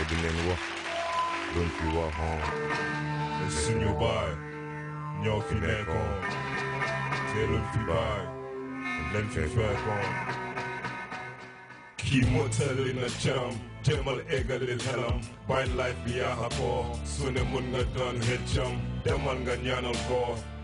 ebilenwa lunkiwa ho esinyobai nyokinekon telumfibai lemfifekon kimotele na jam demal egalel helam bayn life biya hako sune mun nga don hecham demal nga nyanal ko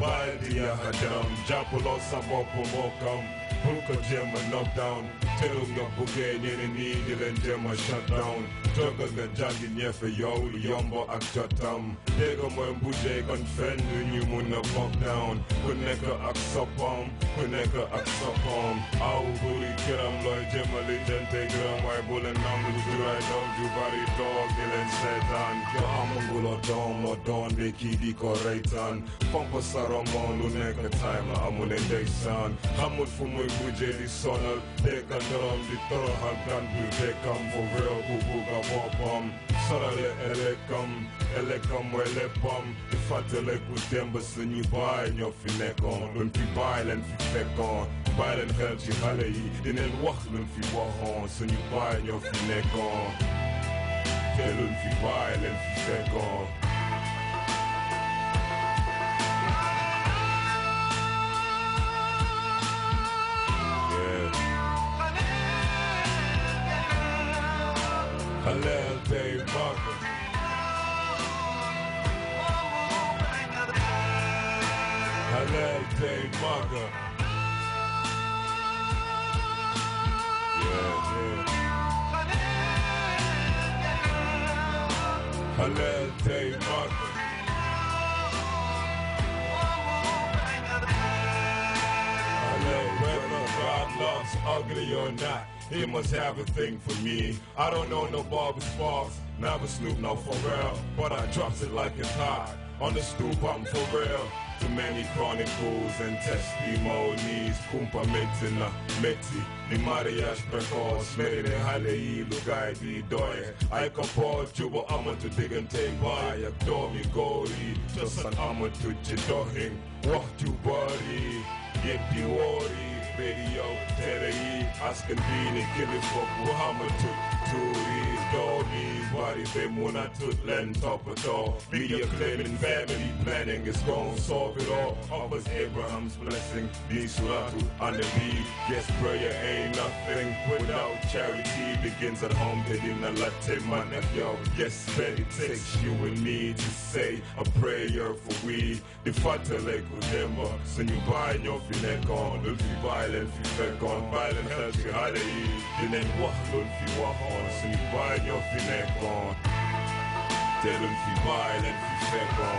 bayan diya hadam japulo sa bopo mokam Hookah Jim a knockdown Tillga Bugenian in Nidilen Jim a shutdown Toga Gajagi Nyefe Yo Yombo Akchatam Dega Mwembuje Confendu Nyumuna Buckdown Kuneka Aksapam Kuneka Aksapam Au Buri Kiram Loy Jim a Lijan Tegram Wai Bulen Namlu Durai Dog Jubari Dog Dilen Setan Yo Amangulo Dom Odon Beki Diko Reitan Pampa Saramon Luneka Time Amune Deisan Hamud Fumui Mujeri sonal They can drum the third hard can be for real Bubuga wapam Sarale elekam Elekam welepam Ifatele temba Sinyi bai nyo finekon Lun fi bai len fi fekon Bai len hel ci xale yi Dineen wax lun fi waxoon Sinyi bai nyo finekon Te lun fi bai len fi I Dave Parker. Dave Parker. Dave Parker. whether God loves ugly or not. He must have a thing for me. I don't know no Barbara Sparks, never Snoop, no Pharrell, but I drops it like it's hot. On the stoop, I'm for real. Too many chronicles and testimonies Kumpa na meti Ni mariage precoce Merene halei lugai di doye Ai kapo jubo amatu digante Waya domi gori Tosan amatu jidohin Wah jubari Yeti wori video, TDI, asken dini, killing fuck Muhammad too body been when I took land top it all. Media claiming family planning is going solve it all. Offers Abraham's blessing, be suratu and the leave. Yes, prayer ain't nothing without charity. Begins at home, they didn't let man at yo. Yes, but takes you and me to say a prayer for we. The fatal lake with them, so you buy your finek on. If you violent, you fake on. Violent, healthy, holiday. Then what, if you are on, so you buy your finek on. Teren fi bajl, en fi xepa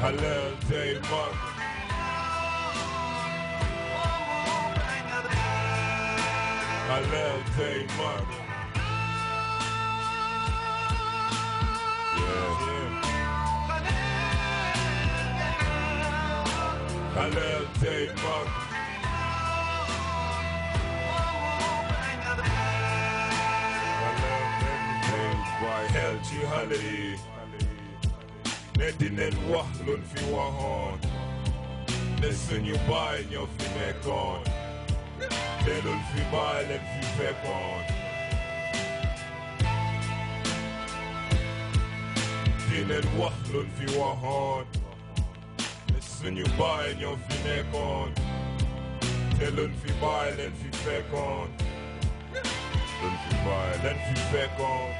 Halal tej mak Halal tej mak Halal tej mak dal ci xale yi ne dinañ luñ fi waxoon ne suñu baay ñoo fi nekkoon te luñ fi baay leen fi fekkoon dinañ wax luñ fi waxoon ne suñu baay ñoo fi nekkoon te luñ fi baay leen fi fekkoon luñ fi baay leen fi fekkoon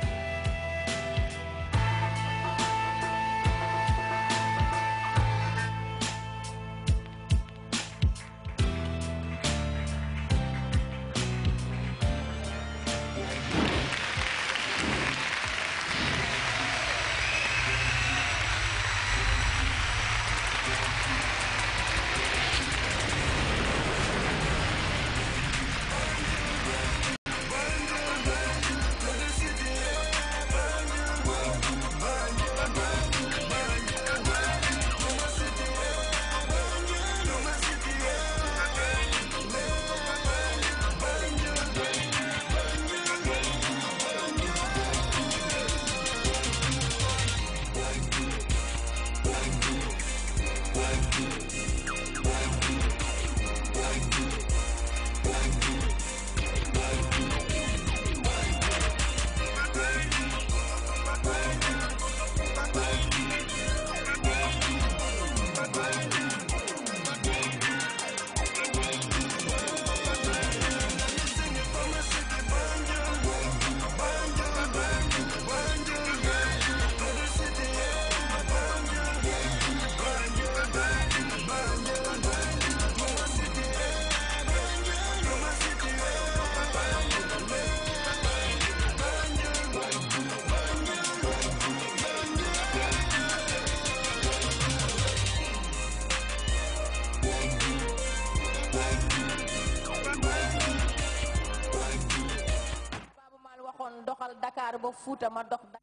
ba Fuuta ma dox